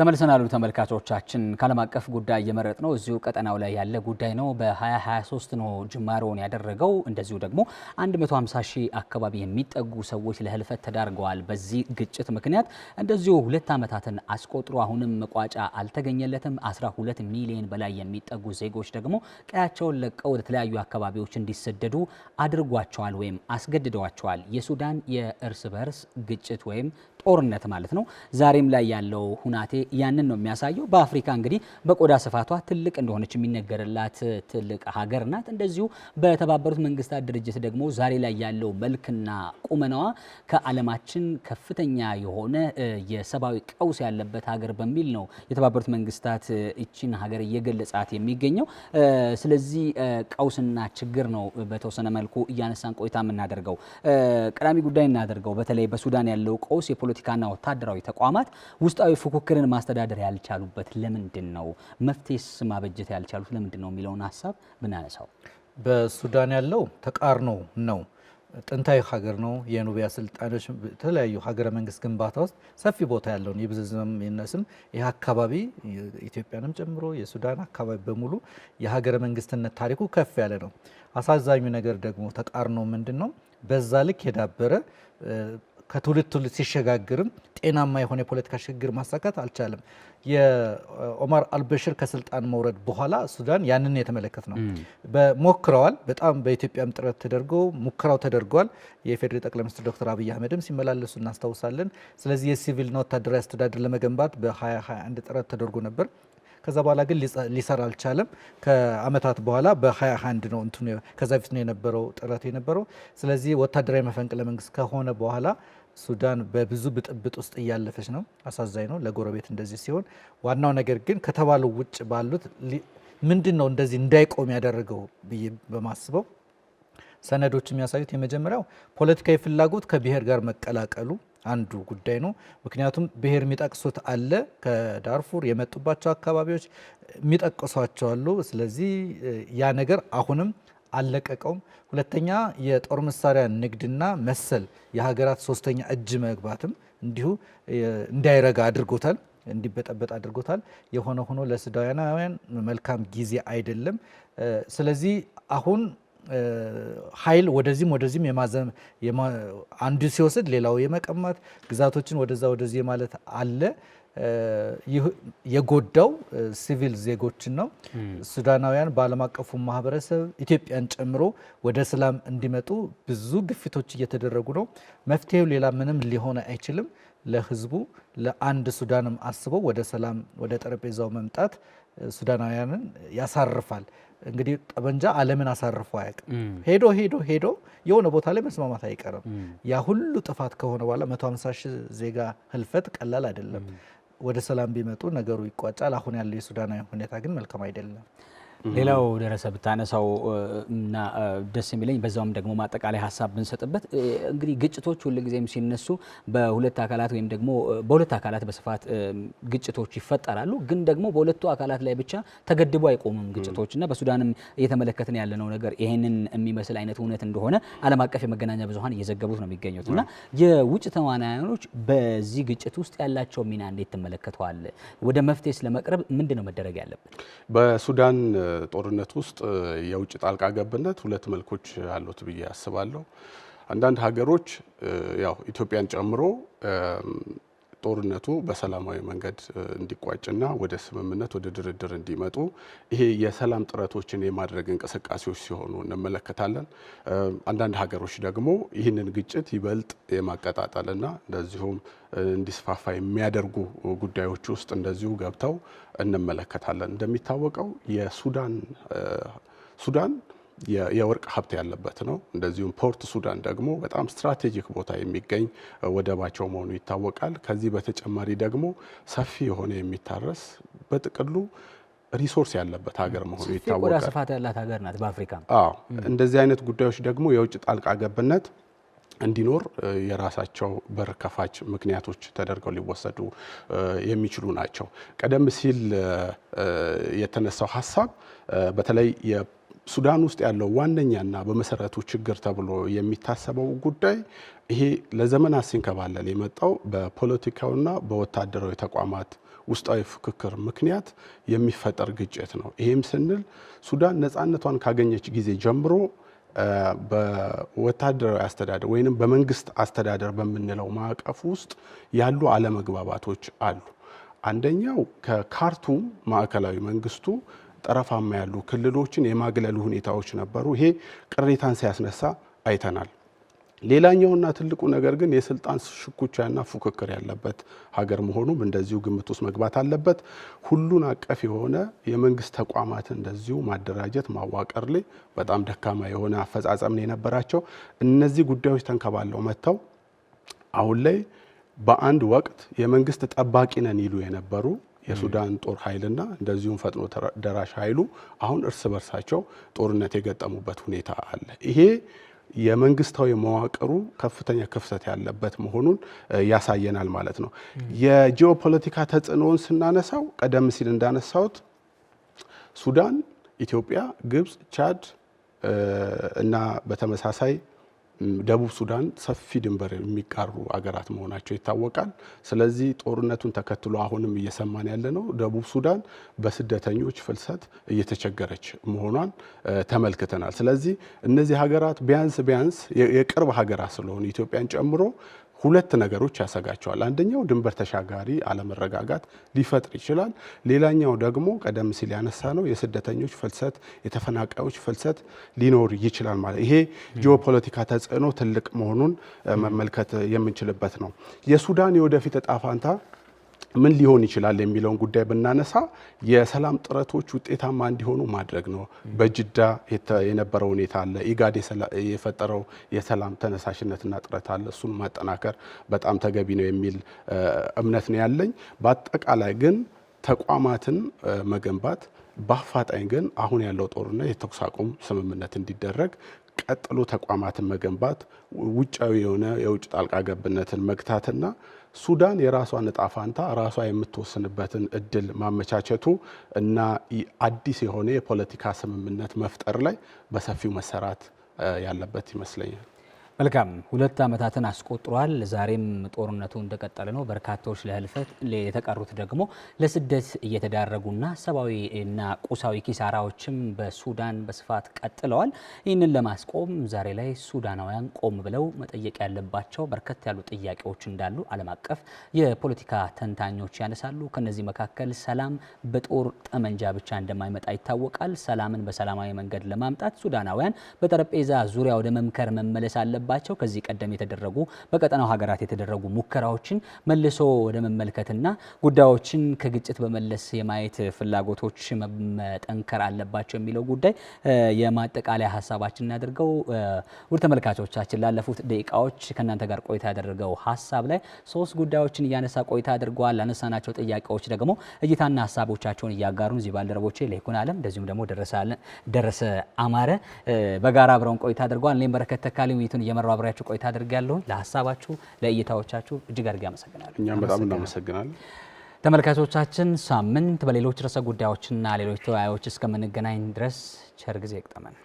ተመልሰናሉ ተመልካቾቻችን። ከዓለም አቀፍ ጉዳይ እየመረጥ ነው እዚሁ ቀጠናው ላይ ያለ ጉዳይ ነው። በ2023 ነው ጅማሮውን ያደረገው። እንደዚሁ ደግሞ 150 ሺህ አካባቢ የሚጠጉ ሰዎች ለህልፈት ተዳርገዋል በዚህ ግጭት ምክንያት። እንደዚሁ ሁለት ዓመታትን አስቆጥሮ አሁንም መቋጫ አልተገኘለትም። 12 ሚሊዮን በላይ የሚጠጉ ዜጎች ደግሞ ቀያቸውን ለቀው ወደ ተለያዩ አካባቢዎች እንዲሰደዱ አድርጓቸዋል ወይም አስገድደዋቸዋል። የሱዳን የእርስ በርስ ግጭት ወይም ጦርነት ማለት ነው ዛሬም ላይ ያለው ሁናቴ ያንን ነው የሚያሳየው። በአፍሪካ እንግዲህ በቆዳ ስፋቷ ትልቅ እንደሆነች የሚነገርላት ትልቅ ሀገር ናት። እንደዚሁ በተባበሩት መንግስታት ድርጅት ደግሞ ዛሬ ላይ ያለው መልክና ቁመናዋ ከዓለማችን ከፍተኛ የሆነ የሰብአዊ ቀውስ ያለበት ሀገር በሚል ነው የተባበሩት መንግስታት ይችን ሀገር እየገለጻት የሚገኘው። ስለዚህ ቀውስና ችግር ነው በተወሰነ መልኩ እያነሳን ቆይታ የምናደርገው። ቀዳሚ ጉዳይ እናደርገው በተለይ በሱዳን ያለው ቀውስ የፖለቲካና ወታደራዊ ተቋማት ውስጣዊ ፉክክርን ማስተዳደር ያልቻሉበት ለምንድን ነው? መፍትሄስ ማበጀት ያልቻሉት ለምንድን ነው የሚለውን ሀሳብ ብናነሳው በሱዳን ያለው ተቃርኖ ነው። ጥንታዊ ሀገር ነው። የኑቢያ ስልጣኖች የተለያዩ ሀገረ መንግስት ግንባታ ውስጥ ሰፊ ቦታ ያለውን የብዝዝም ይነስም ይህ አካባቢ ኢትዮጵያንም ጨምሮ የሱዳን አካባቢ በሙሉ የሀገረ መንግስትነት ታሪኩ ከፍ ያለ ነው። አሳዛኙ ነገር ደግሞ ተቃርኖ ምንድን ነው? በዛ ልክ የዳበረ ከትውልድ ትውልድ ሲሸጋግርም ጤናማ የሆነ የፖለቲካ ሽግግር ማሳካት አልቻለም። የኦማር አልበሽር ከስልጣን መውረድ በኋላ ሱዳን ያንን የተመለከት ነው ሞክረዋል። በጣም በኢትዮጵያም ጥረት ተደርጎ ሙከራው ተደርጓል። የፌዴሪ ጠቅላይ ሚኒስትር ዶክተር አብይ አህመድም ሲመላለሱ እናስታውሳለን። ስለዚህ የሲቪልና ወታደራዊ አስተዳደር ለመገንባት በ2021 ጥረት ተደርጎ ነበር። ከዛ በኋላ ግን ሊሰራ አልቻለም። ከአመታት በኋላ በ21 ነው እንትኑ ከዛ ፊት ነው የነበረው ጥረት የነበረው። ስለዚህ ወታደራዊ መፈንቅለ መንግስት ከሆነ በኋላ ሱዳን በብዙ ብጥብጥ ውስጥ እያለፈች ነው። አሳዛኝ ነው ለጎረቤት እንደዚህ ሲሆን፣ ዋናው ነገር ግን ከተባለው ውጭ ባሉት ምንድን ነው እንደዚህ እንዳይቆም ያደረገው ብዬ በማስበው ሰነዶች የሚያሳዩት የመጀመሪያው ፖለቲካዊ ፍላጎት ከብሔር ጋር መቀላቀሉ አንዱ ጉዳይ ነው። ምክንያቱም ብሔር የሚጠቅሱት አለ፣ ከዳርፉር የመጡባቸው አካባቢዎች የሚጠቅሷቸው አሉ። ስለዚህ ያ ነገር አሁንም አለቀቀውም ሁለተኛ የጦር መሳሪያ ንግድና መሰል የሀገራት ሶስተኛ እጅ መግባትም እንዲሁ እንዳይረጋ አድርጎታል፣ እንዲበጠበጥ አድርጎታል። የሆነ ሆኖ ለሱዳናውያን መልካም ጊዜ አይደለም። ስለዚህ አሁን ኃይል ወደዚህም ወደዚህም አንዱ ሲወስድ ሌላው የመቀማት ግዛቶችን ወደዛ ወደዚህ ማለት አለ። የጎዳው ሲቪል ዜጎችን ነው። ሱዳናውያን በዓለም አቀፉ ማህበረሰብ ኢትዮጵያን ጨምሮ ወደ ሰላም እንዲመጡ ብዙ ግፊቶች እየተደረጉ ነው። መፍትሄው ሌላ ምንም ሊሆን አይችልም። ለህዝቡ ለአንድ ሱዳንም አስበው ወደ ሰላም ወደ ጠረጴዛው መምጣት ሱዳናውያንን ያሳርፋል። እንግዲህ ጠመንጃ ዓለምን አሳርፎ አያውቅም። ሄዶ ሄዶ ሄዶ የሆነ ቦታ ላይ መስማማት አይቀርም። ያ ሁሉ ጥፋት ከሆነ በኋላ 150 ሺህ ዜጋ ህልፈት ቀላል አይደለም። ወደ ሰላም ቢመጡ ነገሩ ይቋጫል። አሁን ያለው የሱዳናዊ ሁኔታ ግን መልካም አይደለም። ሌላው ደረሰ ብታነሳው እና ደስ የሚለኝ በዛውም ደግሞ ማጠቃላይ ሀሳብ ብንሰጥበት እንግዲህ ግጭቶች ሁልጊዜም ሲነሱ በሁለት አካላት ወይም ደግሞ በሁለት አካላት በስፋት ግጭቶች ይፈጠራሉ። ግን ደግሞ በሁለቱ አካላት ላይ ብቻ ተገድቦ አይቆምም ግጭቶች እና በሱዳንም እየተመለከትን ያለነው ነገር ይሄንን የሚመስል አይነት እውነት እንደሆነ ዓለም አቀፍ የመገናኛ ብዙኃን እየዘገቡት ነው የሚገኙት እና የውጭ ተዋናዮች በዚህ ግጭት ውስጥ ያላቸው ሚና እንዴት ትመለከተዋል? ወደ መፍትሄ ስለመቅረብ ምንድን ነው መደረግ ያለብን በሱዳን ጦርነት ውስጥ የውጭ ጣልቃ ገብነት ሁለት መልኮች አሉት ብዬ አስባለሁ። አንዳንድ ሀገሮች ያው ኢትዮጵያን ጨምሮ ጦርነቱ በሰላማዊ መንገድ እንዲቋጭና ወደ ስምምነት ወደ ድርድር እንዲመጡ ይሄ የሰላም ጥረቶችን የማድረግ እንቅስቃሴዎች ሲሆኑ እንመለከታለን። አንዳንድ ሀገሮች ደግሞ ይህንን ግጭት ይበልጥ የማቀጣጠልና እንደዚሁም እንዲስፋፋ የሚያደርጉ ጉዳዮች ውስጥ እንደዚሁ ገብተው እንመለከታለን። እንደሚታወቀው የሱዳን ሱዳን የወርቅ ሀብት ያለበት ነው። እንደዚሁም ፖርት ሱዳን ደግሞ በጣም ስትራቴጂክ ቦታ የሚገኝ ወደባቸው መሆኑ ይታወቃል። ከዚህ በተጨማሪ ደግሞ ሰፊ የሆነ የሚታረስ በጥቅሉ ሪሶርስ ያለበት ሀገር መሆኑ ይታወቃል። ስፋት ያላት ሀገር ናት በአፍሪካ። አዎ እንደዚህ አይነት ጉዳዮች ደግሞ የውጭ ጣልቃ ገብነት እንዲኖር የራሳቸው በር ከፋች ምክንያቶች ተደርገው ሊወሰዱ የሚችሉ ናቸው። ቀደም ሲል የተነሳው ሀሳብ በተለይ ሱዳን ውስጥ ያለው ዋነኛና በመሰረቱ ችግር ተብሎ የሚታሰበው ጉዳይ ይሄ ለዘመናት ሲንከባለል የመጣው በፖለቲካውና በወታደራዊ ተቋማት ውስጣዊ ፍክክር ምክንያት የሚፈጠር ግጭት ነው። ይህም ስንል ሱዳን ነፃነቷን ካገኘች ጊዜ ጀምሮ በወታደራዊ አስተዳደር ወይንም በመንግስት አስተዳደር በምንለው ማዕቀፍ ውስጥ ያሉ አለመግባባቶች አሉ። አንደኛው ከካርቱም ማዕከላዊ መንግስቱ ጠረፋማ ያሉ ክልሎችን የማግለሉ ሁኔታዎች ነበሩ። ይሄ ቅሬታን ሲያስነሳ አይተናል። ሌላኛውና ትልቁ ነገር ግን የስልጣን ሽኩቻና ፉክክር ያለበት ሀገር መሆኑም እንደዚሁ ግምት ውስጥ መግባት አለበት። ሁሉን አቀፍ የሆነ የመንግስት ተቋማትን እንደዚሁ ማደራጀት ማዋቀር ላይ በጣም ደካማ የሆነ አፈጻጸም ነው የነበራቸው። እነዚህ ጉዳዮች ተንከባለው መጥተው አሁን ላይ በአንድ ወቅት የመንግስት ጠባቂ ነን ይሉ የነበሩ የሱዳን ጦር ኃይልና እንደዚሁም ፈጥኖ ደራሽ ኃይሉ አሁን እርስ በርሳቸው ጦርነት የገጠሙበት ሁኔታ አለ። ይሄ የመንግስታዊ መዋቅሩ ከፍተኛ ክፍተት ያለበት መሆኑን ያሳየናል ማለት ነው። የጂኦፖለቲካ ተጽዕኖውን ስናነሳው ቀደም ሲል እንዳነሳሁት ሱዳን፣ ኢትዮጵያ፣ ግብፅ፣ ቻድ እና በተመሳሳይ ደቡብ ሱዳን ሰፊ ድንበር የሚቃሩ አገራት መሆናቸው ይታወቃል። ስለዚህ ጦርነቱን ተከትሎ አሁንም እየሰማን ያለ ነው ደቡብ ሱዳን በስደተኞች ፍልሰት እየተቸገረች መሆኗን ተመልክተናል። ስለዚህ እነዚህ ሀገራት ቢያንስ ቢያንስ የቅርብ ሀገራት ስለሆኑ ኢትዮጵያን ጨምሮ ሁለት ነገሮች ያሰጋቸዋል። አንደኛው ድንበር ተሻጋሪ አለመረጋጋት ሊፈጥር ይችላል። ሌላኛው ደግሞ ቀደም ሲል ያነሳ ነው የስደተኞች ፍልሰት፣ የተፈናቃዮች ፍልሰት ሊኖር ይችላል ማለት ይሄ ጂኦፖለቲካ ተጽዕኖ ትልቅ መሆኑን መመልከት የምንችልበት ነው። የሱዳን የወደፊት እጣ ፋንታ ምን ሊሆን ይችላል የሚለውን ጉዳይ ብናነሳ የሰላም ጥረቶች ውጤታማ እንዲሆኑ ማድረግ ነው። በጅዳ የነበረው ሁኔታ አለ። ኢጋድ የፈጠረው የሰላም ተነሳሽነትና ጥረት አለ። እሱን ማጠናከር በጣም ተገቢ ነው የሚል እምነት ነው ያለኝ። በአጠቃላይ ግን ተቋማትን መገንባት በአፋጣኝ ግን አሁን ያለው ጦርነት የተኩስ አቁም ስምምነት እንዲደረግ ቀጥሎ ተቋማትን መገንባት ውጫዊ የሆነ የውጭ ጣልቃ ገብነትን መግታትና ሱዳን የራሷን እጣ ፋንታ ራሷ የምትወስንበትን እድል ማመቻቸቱ እና አዲስ የሆነ የፖለቲካ ስምምነት መፍጠር ላይ በሰፊው መሰራት ያለበት ይመስለኛል። መልካም ሁለት ዓመታትን አስቆጥሯል። ዛሬም ጦርነቱ እንደቀጠለ ነው። በርካታዎች ለህልፈት፣ የተቀሩት ደግሞ ለስደት እየተዳረጉና ሰብአዊ እና ቁሳዊ ኪሳራዎችም በሱዳን በስፋት ቀጥለዋል። ይህንን ለማስቆም ዛሬ ላይ ሱዳናውያን ቆም ብለው መጠየቅ ያለባቸው በርከት ያሉ ጥያቄዎች እንዳሉ ዓለም አቀፍ የፖለቲካ ተንታኞች ያነሳሉ። ከነዚህ መካከል ሰላም በጦር ጠመንጃ ብቻ እንደማይመጣ ይታወቃል። ሰላምን በሰላማዊ መንገድ ለማምጣት ሱዳናውያን በጠረጴዛ ዙሪያ ወደ መምከር መመለስ አለበት። ያለባቸው ከዚህ ቀደም የተደረጉ በቀጠናው ሀገራት የተደረጉ ሙከራዎችን መልሶ ወደ መመልከትና ጉዳዮችን ከግጭት በመለስ የማየት ፍላጎቶች መጠንከር አለባቸው የሚለው ጉዳይ የማጠቃለያ ሀሳባችን እናደርገው። ውድ ተመልካቾቻችን ላለፉት ደቂቃዎች ከእናንተ ጋር ቆይታ ያደረገው ሀሳብ ላይ ሶስት ጉዳዮችን እያነሳ ቆይታ አድርገዋል። ላነሳናቸው ጥያቄዎች ደግሞ እይታና ሀሳቦቻቸውን እያጋሩን እዚህ ባልደረቦቼ ለይኩን አለም እንደዚሁም ደግሞ ደረሰ አማረ በጋራ አብረውን ቆይታ አድርገዋል። እኔም በረከት ተካሊ ውይይቱን እየመራው አብሬያችሁ ቆይታ አድርጋለሁኝ። ለሀሳባችሁ ለእይታዎቻችሁ እጅግ አድርጌ አመሰግናለሁ። እኛም በጣም እናመሰግናለን። ተመልካቾቻችን ሳምንት በሌሎች ርዕሰ ጉዳዮችና ሌሎች ተወያዮች እስከምንገናኝ ድረስ ቸር ጊዜ ይቅጠመን።